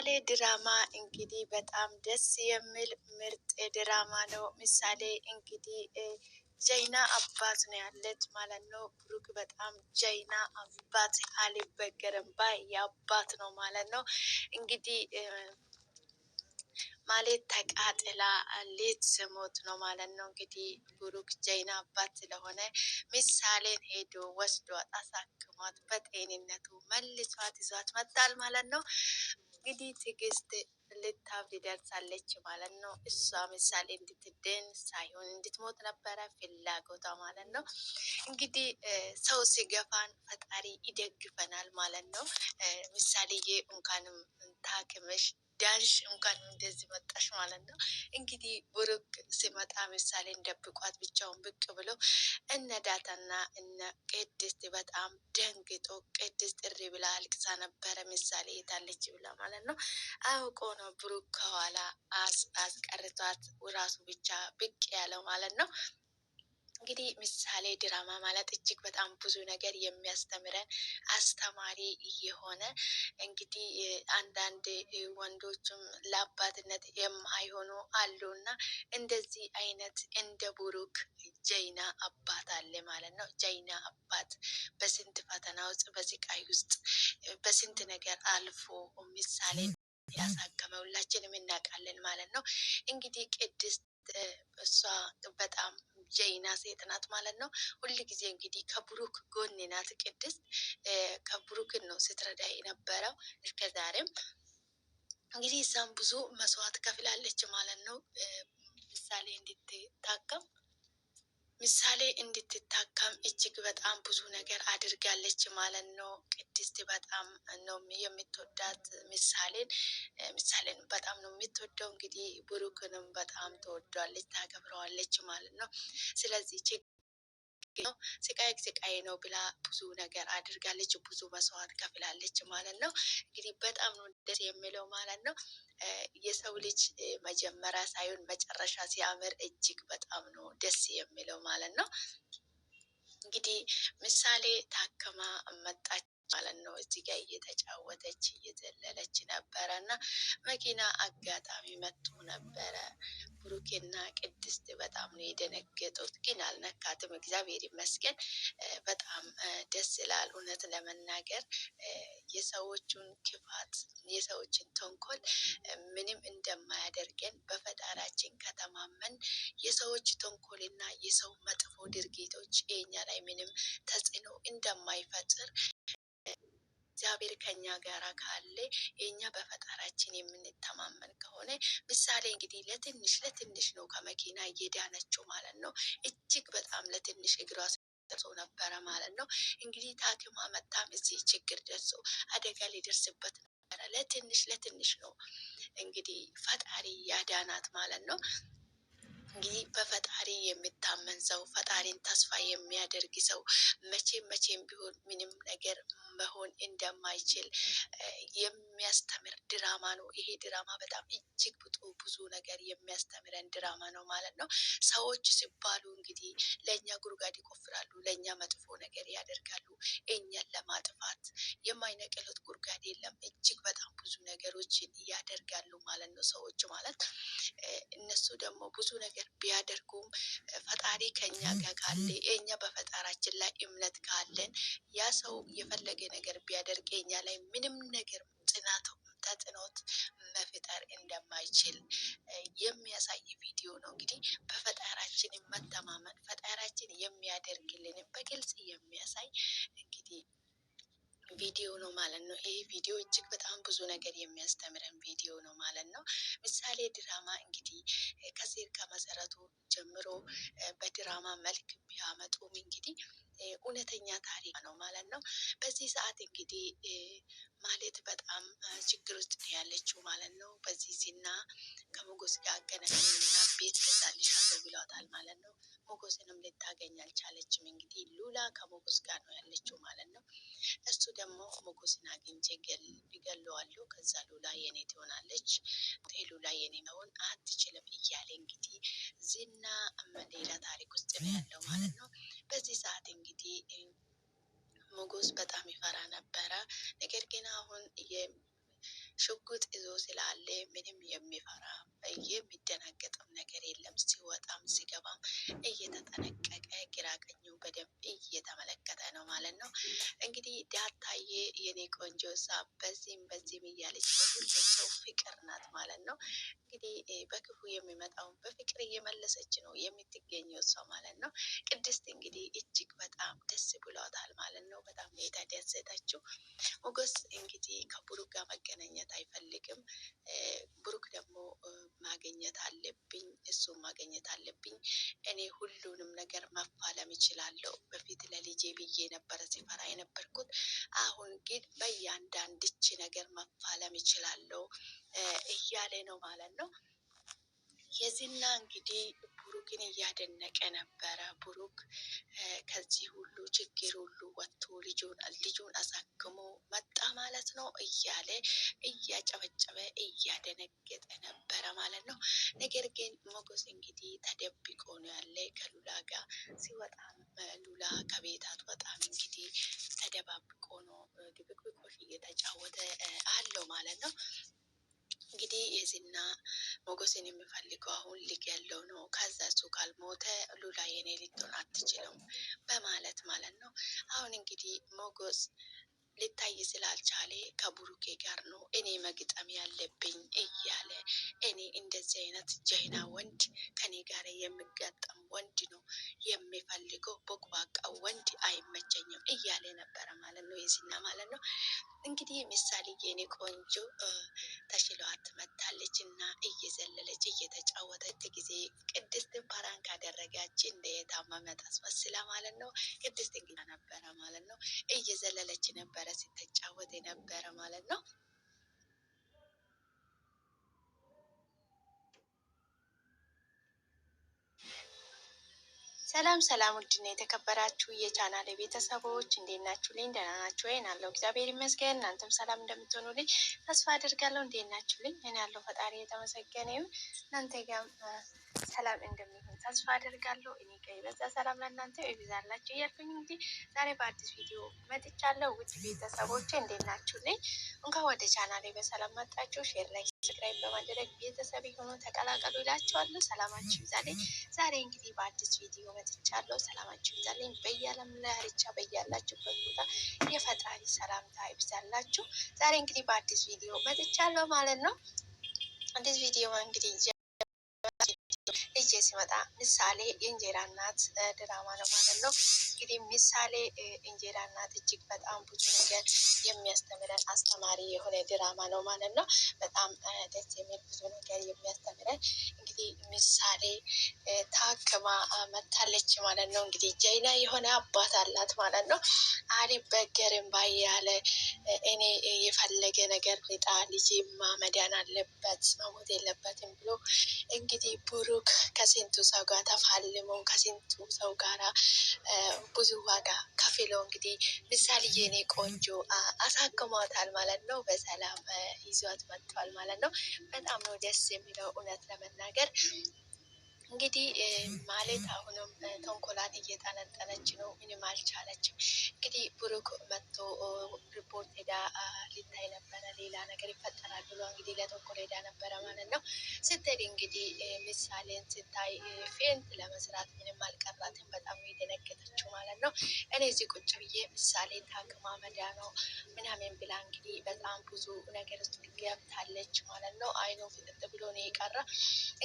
ምሳሌ ድራማ እንግዲህ በጣም ደስ የሚል ምርጥ ድራማ ነው። ምሳሌ እንግዲህ ጀይና አባት ነው ያለች ማለት ነው። ብሩክ በጣም ጀይና አባት አልበገረም ባይ የአባት ነው ማለት ነው እንግዲህ ማለት ተቃጥላ ሌት ስሞት ነው ማለት ነው። እንግዲህ ብሩክ ጀይና አባት ስለሆነ ምሳሌን ሄዶ ወስዶ አሳክሟት በጤንነቱ መልሷት ይዟት መጣል ማለት ነው። እንግዲህ ትግስት ልታብድ ደርሳለች ማለት ነው። እሷ ምሳሌ እንድትድን ሳይሆን እንድትሞት ነበረ ፍላጎቷ ማለት ነው። እንግዲህ ሰው ሲገፋን ፈጣሪ ይደግፈናል ማለት ነው። ምሳሌዬ እንኳንም ታክምሽ ዳንሽ እንኳን እንደዚህ መጣሽ ማለት ነው። እንግዲህ ብሩክ ሲመጣ ምሳሌ እንደብቋት ብቻውን ብቅ ብሎ እነ ዳታና እነ ቅድስት በጣም ደንግጦ ቅድስት እሪ ብላ አልቅሳ ነበረ ምሳሌ የታለች ብላ ማለት ነው። አውቆ ነው ብሩክ ከኋላ አስቀርቷት ራሱ ብቻ ብቅ ያለው ማለት ነው። እንግዲህ ምሳሌ ድራማ ማለት እጅግ በጣም ብዙ ነገር የሚያስተምረን አስተማሪ የሆነ እንግዲህ አንዳንድ ወንዶችም ለአባትነት የማይሆኑ እና እንደዚህ አይነት እንደ ቡሩክ ጀይና አባት አለ ማለት ነው። ጀይና አባት በስንት ፈተና ውስጥ በስቃይ ውስጥ በስንት ነገር አልፎ ምሳሌ ያሳከመ ሁላችንም እናውቃለን ማለት ነው። እንግዲህ ቅድስት እሷ በጣም ጀይና ሴት ናት ማለት ነው። ጊዜ እንግዲህ ከብሩክ ጎን ናት ቅድስት። ከብሩክን ነው ስትረዳ የነበረው እስከዛሬም እንግዲህ እዛም ብዙ መስዋዕት ከፍላለች ማለት ነው ምሳሌ እንድትታከም ምሳሌ እንድትታከም እጅግ በጣም ብዙ ነገር አድርጋለች ማለት ነው። ቅድስት በጣም ነው የምትወዳት ምሳሌን ምሳሌን በጣም ነው የምትወደው። እንግዲህ ብሩክንም በጣም ተወዷለች፣ ታከብረዋለች ማለት ነው። ስለዚህ ነው ስቃይ ስቃይ ነው ብላ ብዙ ነገር አድርጋለች። ብዙ መስዋዕት ከፍላለች ማለት ነው። እንግዲህ በጣም ነው ደስ የሚለው ማለት ነው። የሰው ልጅ መጀመሪያ ሳይሆን መጨረሻ ሲያምር እጅግ በጣም ነው ደስ የሚለው ማለት ነው። እንግዲህ ምሳሌ ታከማ መጣች። ማለት ነው። እዚህ ጋር እየተጫወተች እየዘለለች ነበረ እና መኪና አጋጣሚ መጡ ነበረ። ብሩኬና ቅድስት በጣም ነው የደነገጡት፣ ግን አልነካትም። እግዚአብሔር ይመስገን። በጣም ደስ ይላል። እውነት ለመናገር የሰዎቹን ክፋት፣ የሰዎችን ተንኮል ምንም እንደማያደርገን በፈጣራችን ከተማመን የሰዎች ተንኮልና የሰው መጥፎ ድርጊቶች የኛ ላይ ምንም ተጽዕኖ እንደማይፈጥር እግዚአብሔር ከኛ ጋር ካለ የኛ በፈጣራችን የምንተማመን ከሆነ ምሳሌ እንግዲህ ለትንሽ ለትንሽ ነው ከመኪና እየዳነችው ማለት ነው። እጅግ በጣም ለትንሽ እግሯ ደርሶ ነበረ ማለት ነው። እንግዲህ ታኪማ መጣም እዚህ ችግር ደርሶ አደጋ ሊደርስበት ነበረ። ለትንሽ ለትንሽ ነው እንግዲህ ፈጣሪ ያዳናት ማለት ነው። እንግዲህ በፈጣሪ የሚታመን ሰው ፈጣሪን ተስፋ የሚያደርግ ሰው መቼም መቼም ቢሆን ምንም ነገር መሆን እንደማይችል የሚያስተምር ድራማ ነው። ይሄ ድራማ በጣም እጅግ ብጡ ብዙ ነገር የሚያስተምረን ድራማ ነው ማለት ነው። ሰዎች ሲባሉ እንግዲህ ለእኛ ጉድጓድ ይቆፍራሉ፣ ለእኛ መጥፎ ነገር ያደርጋሉ። እኛን ለማጥፋት የማይነቅሉት ጉድጓድ የለም። እጅግ በጣም ብዙ ነገሮችን ያደርጋሉ ማለት ነው። ሰዎች ማለት እነሱ ደግሞ ብዙ ነገር ነገር ቢያደርጉም ፈጣሪ ከኛ ጋር ካለ እኛ በፈጣራችን ላይ እምነት ካለን ያ ሰው የፈለገ ነገር ቢያደርግ እኛ ላይ ምንም ነገር ጽናቱ ተጽዕኖት መፍጠር እንደማይችል የሚያሳይ ቪዲዮ ነው። እንግዲህ በፈጣራችን መተማመን ፈጣራችን የሚያደርግልን በግልጽ የሚያሳይ እንግዲህ ቪዲዮ ነው ማለት ነው። ይሄ ቪዲዮ እጅግ በጣም ብዙ ነገር የሚያስተምረን ቪዲዮ ነው ማለት ነው። ምሳሌ ድራማ እንግዲህ ከዚህ ከመሰረቱ ጀምሮ በድራማ መልክ ቢያመጡም እንግዲህ እውነተኛ ታሪክ ነው ማለት ነው። በዚህ ሰዓት እንግዲህ ማለት በጣም ችግር ውስጥ ነው ያለችው ማለት ነው። በዚህ ዜና ከሞጎስ ጋር አገናኝና ቤት ገዛልሻለሁ ብሏታል ማለት ነው። ሞገስንም ልታገኝ አልቻለችም። እንግዲህ ሉላ ከሞጎስ ጋር ነው ያለችው ማለት ነው። እሱ ደግሞ ሞጎስን አግኝቼ ይገለዋለሁ፣ ከዛ ሉላ የኔ ትሆናለች፣ ሉላ የኔ መሆን አትችልም እያለ እንግዲህ ዝና ሌላ ታሪክ ውስጥ ነው ያለው ማለት ነው። በዚህ ሰዓት እንግዲህ ሞጎስ በጣም ይፈራ ነበረ። ነገር ግን አሁን ሽጉጥ ይዞ ስላለ ምንም የሚፈራ የሚደናገ ሲወጣም ሲገባም እየተጠነቀቀ ግራ ቀኙ በደንብ እየተመለከተ ማለት ነው። እንግዲህ ዳታዬ የኔ ቆንጆ እዛ በዚህም በዚህም እያለች በሁሉም ፍቅር ናት ማለት ነው። እንግዲህ በክፉ የሚመጣውን በፍቅር እየመለሰች ነው የምትገኘው እሷ ማለት ነው። ቅድስት እንግዲህ እጅግ በጣም ደስ ብሏታል ማለት ነው። በጣም ሌታ ደሰታችው። ሞገስ እንግዲህ ከብሩክ ጋር መገናኘት አይፈልግም። ብሩክ ደግሞ ማገኘት አለብኝ፣ እሱን ማገኘት አለብኝ፣ እኔ ሁሉንም ነገር መፋለም ይችላለሁ። በፊት ለልጄ ብዬ ነበር ነበረ ሲፈራ የነበርኩት። አሁን ግን በእያንዳንድች ነገር መፋለም ይችላለው እያለ ነው ማለት ነው። የዚና እንግዲህ ብሩክን እያደነቀ ነበረ። ብሩክ ከዚህ ሁሉ ችግር ሁሉ ወጥቶ ልጁን አሳክሞ መጣ ማለት ነው እያለ እያጨበጨበ እያደነገጠ ነበረ ማለት ነው። ነገር ግን ሞገስ እንግዲህ ተደብቆ ነው ያለ ከሉላ ጋር ሲወጣ ሉላ ከቤት አትወጣ ተደባብቆ ነው ድብቅብቆች እየተጫወተ አለው ማለት ነው። እንግዲህ የዝና ሞገስን የሚፈልገው አሁን ልጅ ያለው ነው። ከዛ እሱ ካልሞተ ሉላ የኔ ልትሆን አትችልም በማለት ማለት ነው። አሁን እንግዲህ ሞገስ ሊታይ ስላልቻለ ከቡሩኬ ጋር ነው እኔ መግጠም ያለብኝ እያለ እኔ እንደዚህ አይነት ጀይና ወንድ ከኔ ጋር የሚጋጠም ወንድ ነው የሚፈልገው፣ ቦቅባቃ ወንድ አይመቸኝም እያለ ነበረ ማለት ነው። የዚና ማለት ነው እንግዲህ ምሳሌ የኔ ቆንጆ ተሽሏት መታለች እና እየዘለለች እየተጫወተች ጊዜ ቅድስትን ፓራን ካደረጋች እንደ የታመመ ታስመስላ ማለት ነው። ቅድስት እንግዳ ነበረ ማለት ነው እየዘለለች ነበረ ስትጫወት የነበረ ማለት ነው። ሰላም ሰላም፣ ውድና የተከበራችሁ የቻናል ቤተሰቦች እንዴት ናችሁ? ልኝ ደህና ናችሁ ወይ? ያለው እግዚአብሔር ይመስገን። እናንተም ሰላም እንደምትሆኑ ልኝ ተስፋ አድርጋለሁ። እንዴት ናችሁ? ልኝ እኔ ያለው ፈጣሪ የተመሰገነ ይሁን። እናንተ ጋር ሰላም እንደሚ ተስፋ አደርጋለሁ። እኔ ጋር የበዛ ሰላም ለእናንተ ይብዛላችሁ እያልኩኝ እንግዲህ ዛሬ በአዲስ ቪዲዮ መጥቻለሁ። ውጭ ቤተሰቦች እንዴት ናችሁ? ነኝ እንኳን ወደ ቻናሌ በሰላም መጣችሁ። ሼር፣ ላይ ሰብስክራይብ በማድረግ ቤተሰብ የሆኑ ተቀላቀሉ ይላችኋለሁ። ሰላማችሁ ይብዛልኝ። ዛሬ እንግዲህ በአዲስ ቪዲዮ መጥቻለሁ። ሰላማችሁ ይብዛልኝ። በያለም ዳርቻ በያላችሁበት ቦታ የፈጣሪ ሰላምታ ይብዛላችሁ። ዛሬ እንግዲህ በአዲስ ቪዲዮ መጥቻለሁ ማለት ነው። አዲስ ቪዲዮ እንግዲህ ሲመጣ ምሳሌ የእንጀራ እናት ድራማ ነው ማለት ነው። እንግዲህ ምሳሌ እንጀራ እናት እጅግ በጣም ብዙ ነገር የሚያስተምረን አስተማሪ የሆነ ድራማ ነው ማለት ነው። በጣም ደስ የሚል ብዙ ነገር የሚያስተምረን እንግዲህ ምሳሌ ታክማ መታለች ማለት ነው። እንግዲህ ጀይና የሆነ አባት አላት ማለት ነው። አሊ በገርም ባያለ እኔ የፈለገ ነገር ልጣ ልጅ ማመዳን አለበት መሞት የለበትም ብሎ እንግዲህ ቡሩክ ከሴ ከስንቱ ሰው ጋር ተፋልመው ከስንቱ ሰው ጋር ብዙ ዋጋ ከፍሎ እንግዲህ ምሳሌ የኔ ቆንጆ አሳክሟታል ማለት ነው። በሰላም ይዟት መጥቷል ማለት ነው። በጣም ነው ደስ የሚለው እውነት ለመናገር እንግዲህ ማለት አሁንም ተንኮላት እየጠነጠነች ነው። ምንም አልቻለችም። እንግዲህ ብሩክ መጥቶ ሪፖርት ሄዳ ሊታይ ነበረ። ሌላ ነገር ይፈጠራል ብሎ እንግዲህ ለተንኮል ሄዳ ነበረ ማለት ነው። ስትሄድ እንግዲህ ምሳሌን ስታይ ፌንት ለመስራት ምንም አልቀራትም። በጣም የደነገጠችው ማለት ነው። እኔ እዚህ ቁጭ ብዬ ምሳሌ ታቅማ መዳ ነው ምናምን ብላ እንግዲህ በጣም ብዙ ነገር ገብታለች ማለት ነው። አይኖ ፍጥጥ ብሎ ነው የቀረ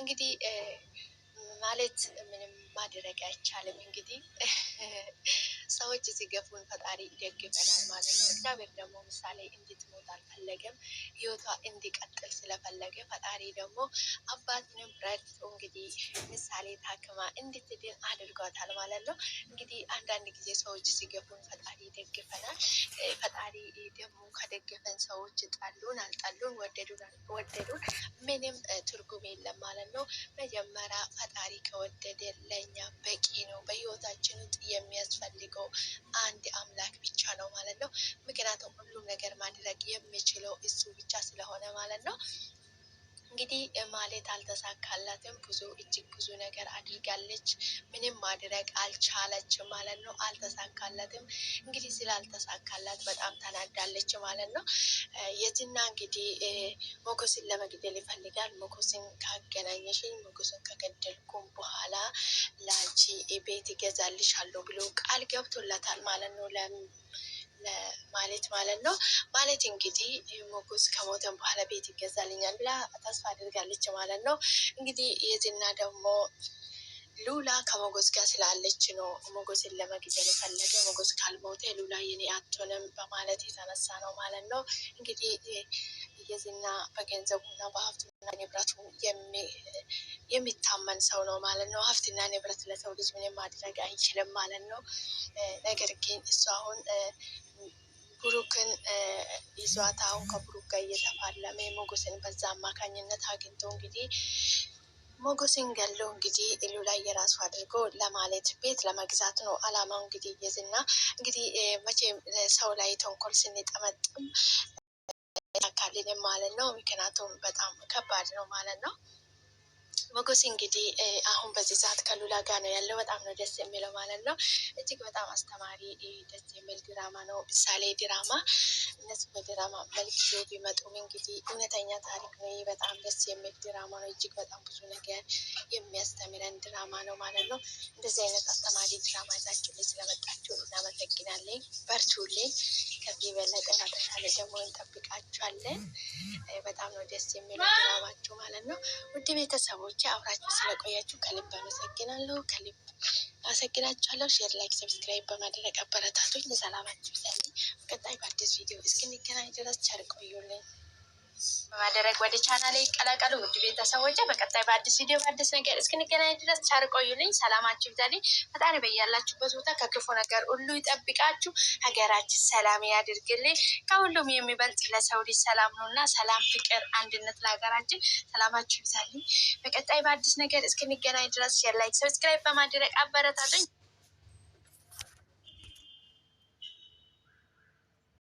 እንግዲህ ማለት ምንም ማድረግ አይቻልም። እንግዲህ ሰዎች ሲገፉን ፈጣሪ ይደግፈናል ማለት ነው። እግዚአብሔር ደግሞ ምሳሌ እንድትሞት አልፈለገም፣ ህይወቷ እንዲቀጥል ስለፈለገ ፈጣሪ ደግሞ አባት ረድቶ እንግዲህ ምሳሌ ታክማ እንድትድን አድርጓታል ማለት ነው። እንግዲህ አንዳንድ ጊዜ ሰዎች ሲገፉን ፈጣሪ ይደግፈናል። ፈጣሪ ደግሞ ከደገፈን ሰዎች ጣሉን አልጣሉን፣ ወደዱን ወደዱን፣ ምንም ትርጉም የለም ማለት ነው። መጀመሪያ ፈጣሪ ከወደደ ለእኛ በቂ ነው። በህይወታችን ውስጥ የሚያስፈልገው አንድ አምላክ ብቻ ነው ማለት ነው። ምክንያቱም ሁሉም ነገር ማድረግ የሚችለው እሱ ብቻ ስለሆነ ማለት ነው። እንግዲህ ማለት አልተሳካላትም። ብዙ እጅግ ብዙ ነገር አድርጋለች፣ ምንም ማድረግ አልቻለችም ማለት ነው። አልተሳካላትም። እንግዲህ ስላልተሳካላት በጣም ተናዳለች ማለት ነው። የዝና እንግዲህ ሞኮስን ለመግደል ይፈልጋል። ሞኮስን ካገናኘሽኝ፣ ሞኮስን ከገደልኩም በኋላ ላንቺ ቤት ይገዛልሻለሁ ብሎ ቃል ገብቶላታል ማለት ነው። ማለት ማለት ነው። ማለት እንግዲህ ሞጉስ ከሞተን በኋላ ቤት ይገዛልኛል ብላ ተስፋ አድርጋለች ማለት ነው። እንግዲህ የዝና ደግሞ ሉላ ከሞጎስ ጋር ስላለች ነው ሞጎስን ለመግደል የፈለገ። ሞጎስ ካልሞተ ሉላ የኔ አትሆንም በማለት የተነሳ ነው ማለት ነው። እንግዲህ የዝና በገንዘቡና በሀብትና ንብረቱ የሚታመን ሰው ነው ማለት ነው። ሀብትና ንብረት ለሰው ልጅ ምንም ማድረግ አይችልም ማለት ነው። ነገር ግን እሱ አሁን ብሩክን ይዟት አሁን ከብሩክ ጋር እየተፋለመ ሞገስን በዛ አማካኝነት አግኝቶ እንግዲህ ሞገስን ገሎ እንግዲህ እሉ ላይ የራሱ አድርጎ ለማለት ቤት ለመግዛት ነው አላማው። እንግዲህ የዝና እንግዲህ መቼም ሰው ላይ ተንኮል ስንጠመጥም ያካልንም ማለት ነው። ምክንያቱም በጣም ከባድ ነው ማለት ነው። ሞገሴ እንግዲህ አሁን በዚህ ሰዓት ከሉላ ጋር ነው ያለው። በጣም ነው ደስ የሚለው ማለት ነው። እጅግ በጣም አስተማሪ ደስ የሚል ድራማ ነው። ምሳሌ ድራማ እነዚህ በድራማ መልክ ቢመጡም እንግዲህ እውነተኛ ታሪክ ነው። በጣም ደስ የሚል ድራማ ነው። እጅግ በጣም ብዙ ነገር የሚያስተምረን ድራማ ነው ማለት ነው። እንደዚህ አይነት አስተማሪ ድራማ ይዛችሁ ስለመጣችሁ እናመሰግናለን። በርቱልኝ። ከዚህ በለጠና ተሻለ ደግሞ እንጠብቃችኋለን። በጣም ነው ደስ የሚለው ድራማችሁ ማለት ነው። ውድ ቤተሰቦች አብራችሁ ስለቆያችሁ ከልብ አመሰግናለሁ። ከልብ አመሰግናችኋለሁ። ሼር፣ ላይክ፣ ሰብስክራይብ በማድረግ አበረታቶች ለሰላማችሁ ይብዛልኝ። በቀጣይ በአዲስ ቪዲዮ እስክንገናኝ ድረስ ቸር ቆዩልኝ። በማደረግ ወደ ቻናሌ ይቀላቀሉ። ውድ ቤተሰቦች በቀጣይ በአዲስ ቪዲዮ በአዲስ ነገር እስክንገናኝ ድረስ ቸር ቆዩልኝ። ሰላማችሁ ይብዛልኝ። ፈጣሪ በያላችሁበት ቦታ ከክፉ ነገር ሁሉ ይጠብቃችሁ። ሀገራችን ሰላም ያድርግልኝ። ከሁሉም የሚበልጥ ለሰው ልጅ ሰላም ነው እና ሰላም፣ ፍቅር፣ አንድነት ለሀገራችን። ሰላማችሁ ይብዛልኝ። በቀጣይ በአዲስ ነገር እስክንገናኝ ድረስ ላይክ፣ ሰብስክራይብ በማድረግ አበረታቱኝ።